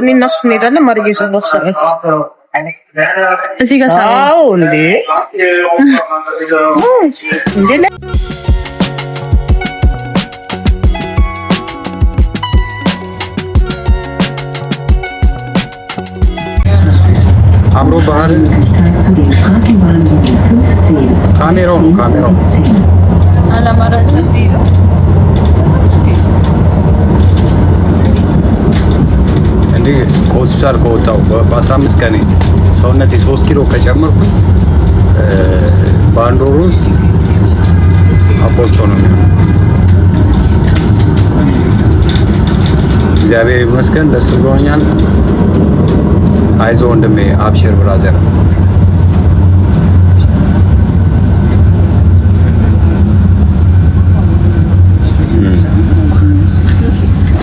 እኔ እነሱ እንሄዳለን ማድረግ የሰራት ሰራ እዚህ ጋር ሳው እንዴ እንዴ አብሮ ባህል ካሜራው ነው ካሜራው አላማራጭ እንዴ እንግዲህ ከሆስፒታል ከወጣው በ15 ቀን ሰውነት የሶስት ኪሎ ከጨመርኩኝ በአንድ ወር ውስጥ አፖስቶ ነው የሚሆነው። እግዚአብሔር ይመስገን፣ ደስ ብሎኛል። አይዞ ወንድሜ፣ አብሽር ብራዘር።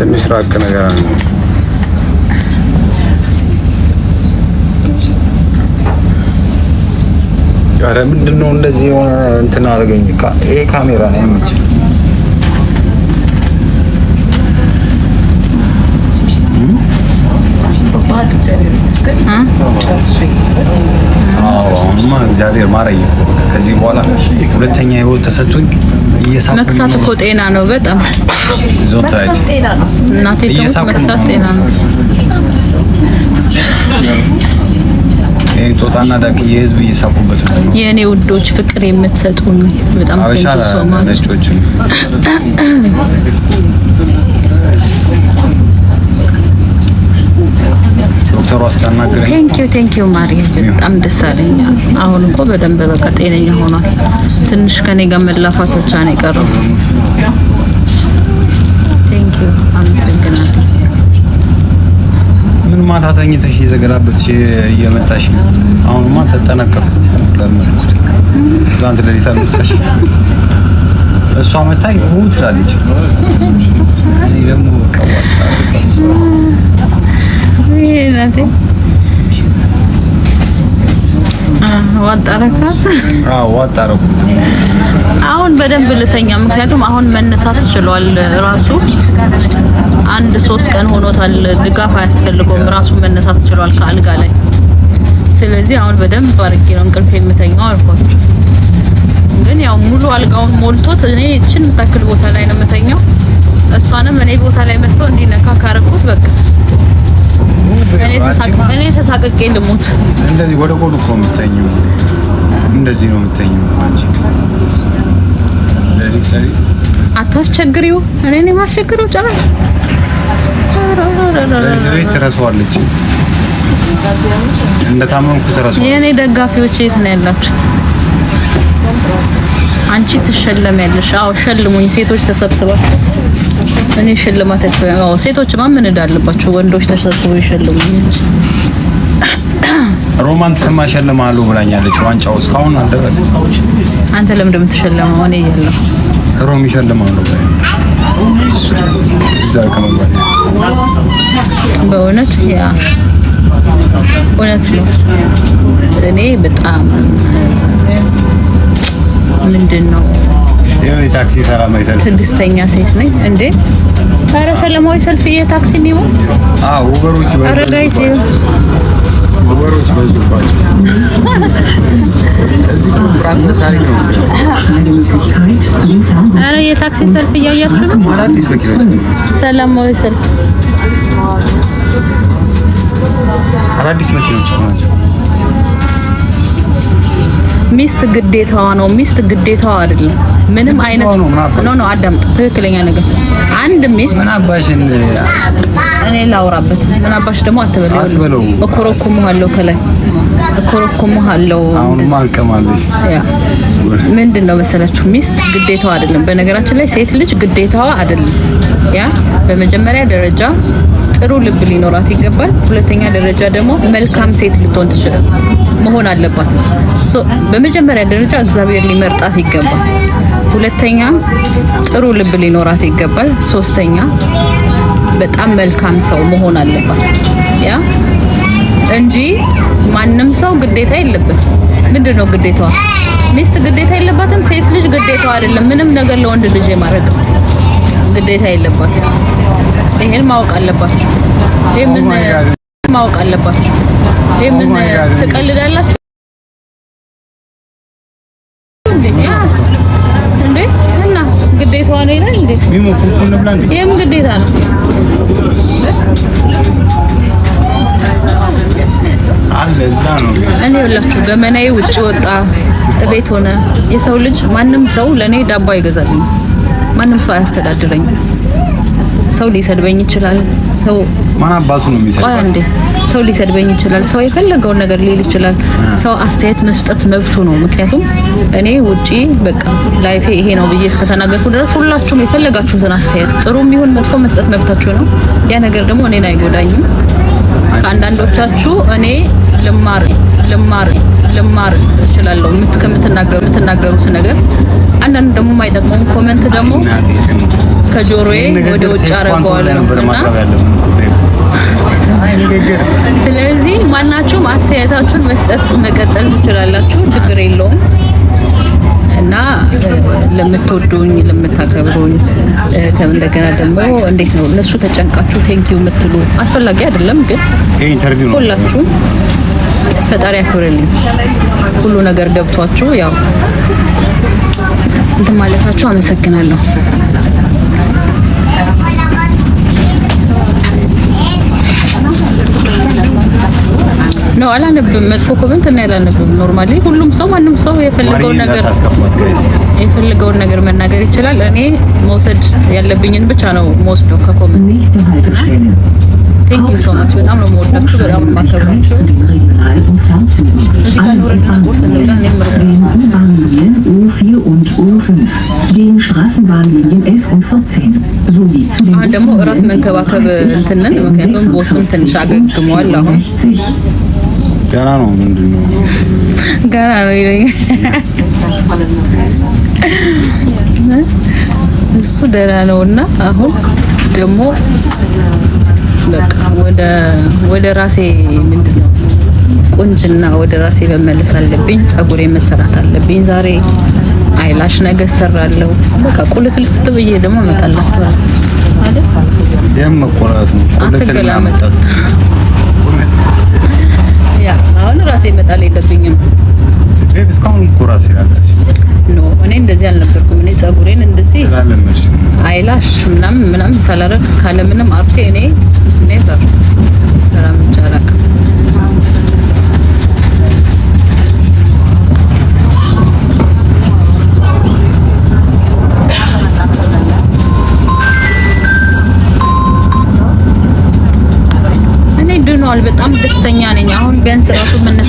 ትንሽ ራቅ ነገር ነው። አረ ምንድን ነው እንደዚህ የሆነ እንትን አደረገኝ። ይሄ ካሜራ ነው የምችል አሁንማ እግዚአብሔር ማረኝ። ከዚህ በኋላ ሁለተኛ ህይወት ተሰጥቶኝ መክሳት እኮ ጤና ነው። በጣም እናቴ መክሳት ጤና ነው። ጦጣና ዳክዬ ህዝብ እየሳቁበት ነው። የእኔ ውዶች ፍቅር የምትሰጡን በጣም ነጮች ዶክተሩ አስተናግረኝ። በጣም ደስ አለኝ። አሁን እኮ በደንብ በቃ ጤነኛ ሆኗል። ትንሽ ከኔ ጋር መላፋት ብቻ ነው የቀረው። ማታ ተኝተሽ እየተገላበጥሽ እየመጣሽ፣ አሁንማ ተጠነቀቅ። ለምን ትናንት ሌሊት አልመጣሽ? እሷ መታኝ ው ትላለች። እኔ ደግሞ ቀዋጣ ዋጣረካት? አዎ አሁን በደንብ ልተኛ፣ ምክንያቱም አሁን መነሳት ችሏል። ራሱ አንድ ሶስት ቀን ሆኖታል። ድጋፍ አያስፈልገውም። ራሱ መነሳት ችሏል ከአልጋ ላይ። ስለዚህ አሁን በደንብ አድርጌ ነው እንቅልፍ የምተኛው አልኳችሁ። ግን ያው ሙሉ አልጋውን ሞልቶት እኔ እችን ታክል ቦታ ላይ ነው የምተኛው። እሷንም እኔ ቦታ ላይ መጥቶ እንዲነካ ካረኩት በቃ እኔ ተሳቅቄ ልሞት። እንደዚህ ወደ ጎን እኮ የምተኝው እንደዚህ ነው የምተኝው አንቺ አታስቸግሪው። እኔ ነኝ የማስቸግረው። ጭራሽ ለሊት ትረሳዋለች። እንደታመምኩ ትረሳዋለች። የእኔ ደጋፊዎች የት ነው ያላችሁት? አንቺ ትሸለሚያለሽ። አዎ ሸልሙኝ፣ ሴቶች ተሰብስባችሁ እኔ ሽልማት ያስፈልጋው። ሴቶችማ ምን እንዳለባቸው ወንዶች ተሰብስበው ይሸልሙ እንጂ። ሮማን ተሰማ እሸልምሃለሁ ብላኛለች። ዋንጫው እስካሁን አልደረሰም። አንተ ለምን እንደምትሸልመው እኔ እያለሁ ሮሚ እሸልምሃለሁ በእውነት ያ እውነት ነው። እኔ በጣም ምንድን ነው ታክሲ ሰራ ማይሰል ትዕግስተኛ ሴት ነኝ እንዴ ኧረ ሰላማዊ ሰልፍ የታክሲ የሚሆን አዎ፣ ወገሮች አረጋይሲ በዙባቸው የታክሲ ሰልፍ እያያችሁ ነው። ሰላማዊ ሰልፍ አዳዲስ መኪኖች ናቸው። ሚስት ግዴታዋ ነው። ሚስት ግዴታዋ አይደለም። ምንም አይነት ኖ ኖ፣ አዳምጥ። ትክክለኛ ነገር አንድ ሚስት ምን አባሽ እኔ ላውራበት። ምን አባሽ ደግሞ አትበለው። አትበለው። እኮረኩምሃለሁ፣ ከላይ እኮረኩምሃለሁ። አሁንማ ያ ምንድን ነው መሰላችሁ፣ ሚስት ግዴታዋ አይደለም። በነገራችን ላይ ሴት ልጅ ግዴታዋ አይደለም። ያ በመጀመሪያ ደረጃ ጥሩ ልብ ሊኖራት ይገባል። ሁለተኛ ደረጃ ደግሞ መልካም ሴት ልትሆን ትችላል መሆን አለባት። በመጀመሪያ ደረጃ እግዚአብሔር ሊመርጣት ይገባል። ሁለተኛ ጥሩ ልብ ሊኖራት ይገባል። ሶስተኛ በጣም መልካም ሰው መሆን አለባት ያ እንጂ ማንም ሰው ግዴታ የለበትም። ምንድን ነው ግዴታዋ? ሚስት ግዴታ የለባትም። ሴት ልጅ ግዴታዋ አይደለም ምንም ነገር ለወንድ ልጅ የማድረግ ግዴታ የለባትም። ይሄን ማወቅ አለባችሁ። ይሄን oh ማወቅ አለባችሁ። ይሄን oh ትቀልዳላችሁ እንዴ? እና ግዴታዋ ነው ይላል እንዴ? ይሄም ግዴታ ነው። እኔ ሁላችሁ ገመናዬ ውጭ ወጣ ቤት ሆነ የሰው ልጅ ማንም ሰው ለእኔ ዳቦ አይገዛልኝም። ማንም ሰው አያስተዳድረኝም። ሰው ሊሰድበኝ ይችላል። ሰው ማን አባቱ ነው የሚሰድበኝ? ሰው ሊሰድበኝ ይችላል። ሰው የፈለገውን ነገር ሊል ይችላል። ሰው አስተያየት መስጠት መብቱ ነው። ምክንያቱም እኔ ውጪ በቃ ላይፌ ይሄ ነው ብዬ እስከተናገርኩ ድረስ ሁላችሁም የፈለጋችሁትን አስተያየት ጥሩም ይሁን መጥፎ መስጠት መብታችሁ ነው። ያ ነገር ደግሞ እኔን አይጎዳኝም። አንዳንዶቻችሁ እኔ ልማር ልማር ልማር እችላለሁ የምትናገሩት ነገር አንዳንድ ደግሞ የማይጠቅመውን ኮመንት ደግሞ ከጆሮዬ ወደ ውጭ አደርገዋለሁ ስለዚህ ማናችሁም አስተያየታችሁን መስጠት መቀጠል ትችላላችሁ፣ ችግር የለውም። እና ለምትወዱኝ ለምታከብሩኝ፣ እንደገና ደግሞ እንዴት ነው ለሱ ተጨንቃችሁ ቴንኪዩ የምትሉ አስፈላጊ አይደለም፣ ግን ሁላችሁም ፈጣሪ ያክብርልኝ ሁሉ ነገር ገብቷችሁ ያው እንትን ማለታችሁ አመሰግናለሁ። ነው አላነብም። መጥፎ ኮመንት እና አላነብም። ኖርማሊ ሁሉም ሰው ማንም ሰው የፈለገውን ነገር የፈለገውን ነገር መናገር ይችላል። እኔ መውሰድ ያለብኝን ብቻ ነው መወስደው ከኮመንት። ቴንክ ዩ ሶ ማች። በጣም ነው የምወዳችሁ፣ በጣም ነው የማከብራችሁ። አሁን ደግሞ ራስ መንከባከብ እንትንን ምክንያቱም ቦስም ትንሽ አገግመዋል አሁን ገና ነው። ምንድን ነው ገና ነው ይለኛል። እሱ ደህና ነው እና አሁን ደግሞ በቃ ወደ ራሴ ምንድን ነው ቁንጅና ወደ ራሴ መመለስ አለብኝ። ጸጉሬ መሰራት አለብኝ። ዛሬ አይላሽ ነገ ሰራለሁ። በቃ ቁልት ልጥ ብዬ ደግሞ እመጣላችኋለሁ። አይደል የምቆራት ነው ቁልት ለማመጣት ያ አሁን ራሴ መጣል የለብኝም። እስካሁን እኮ ራሴ ናታች ኖ እኔ እንደዚህ አልነበርኩም። እኔ ጸጉሬን እንደዚህ አይላሽ ምናምን ምናምን ሳላረግ ካለምንም አርቴ እኔ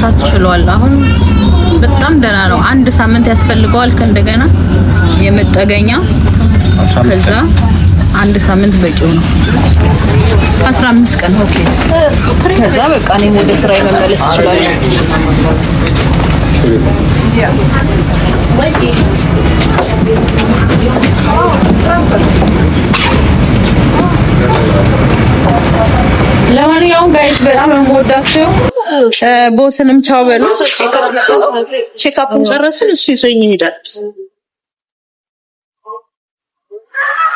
መነሳት ችሏል። አሁን በጣም ደህና ነው። አንድ ሳምንት ያስፈልገዋል ከእንደገና የመጠገኛ ከዛ አንድ ሳምንት በቂው ነው። 15 ቀን ኦኬ። ከዛ በቃ እኔም ወደ ስራ መመለስ ይችላል። ለማንኛውም ጋይስ በጣም የምወዳቸው ቦስንም ቻው በሉ። ቼክአፕን ጨረስን። እሱ ይዞኝ ይሄዳል።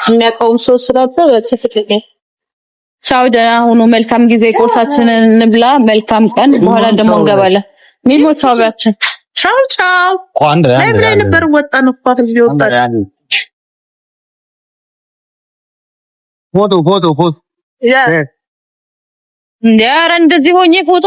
የሚያውቀውም ሰው ስላለ ቻው፣ ደህና ሁኑ። መልካም ጊዜ። ቁርሳችንን እንብላ። መልካም ቀን። በኋላ ደግሞ እንገባለን። ሚሞ ቻው ብላችን ቻው ቻው። ላይ ብላይ ነበር ወጣን እኮ ወጣን። ፎቶ ፎቶ ፎቶ ያ እንደ ኧረ እንደዚህ ሆኜ ፎቶ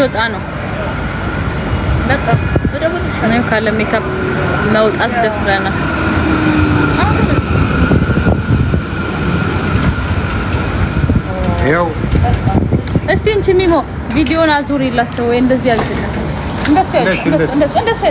ልወጣ ነው። እኔም ካለ ሜካፕ መውጣት ደፍረናል። እስቲ እንቺ ሚሞ ቪዲዮን አዙሪላቸው ወይ እንደዚህ ያልሽልኝ እንደሱ ያልሽ እንደሱ ያልሽ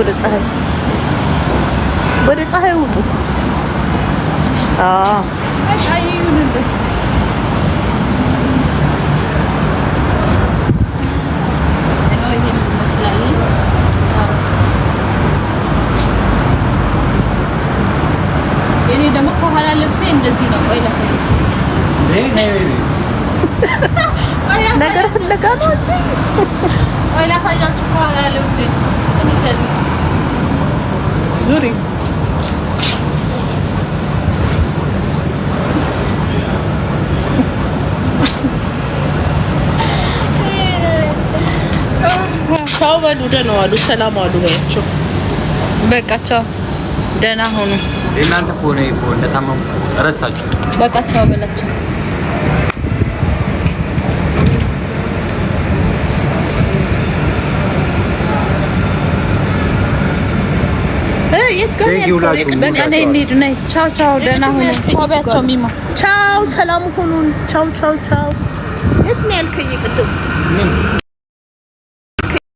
ወደ ፀሐይ ወደ ፀሐይ ውጡ። አዎ vizuri. ቻው በሉ። ደህና ዋሉ፣ ሰላም ዋሉ በያቸው። በቃ ቻው፣ ደህና ሆኑ። እናንተ እኮ ነው እንደታመሙ እረሳችሁ። በቃ ቻው በላቸው። ቻው። ሰላም ሁኑን። ቻው ቻው ቻው። የት ነው ያልከኝ ቅድም?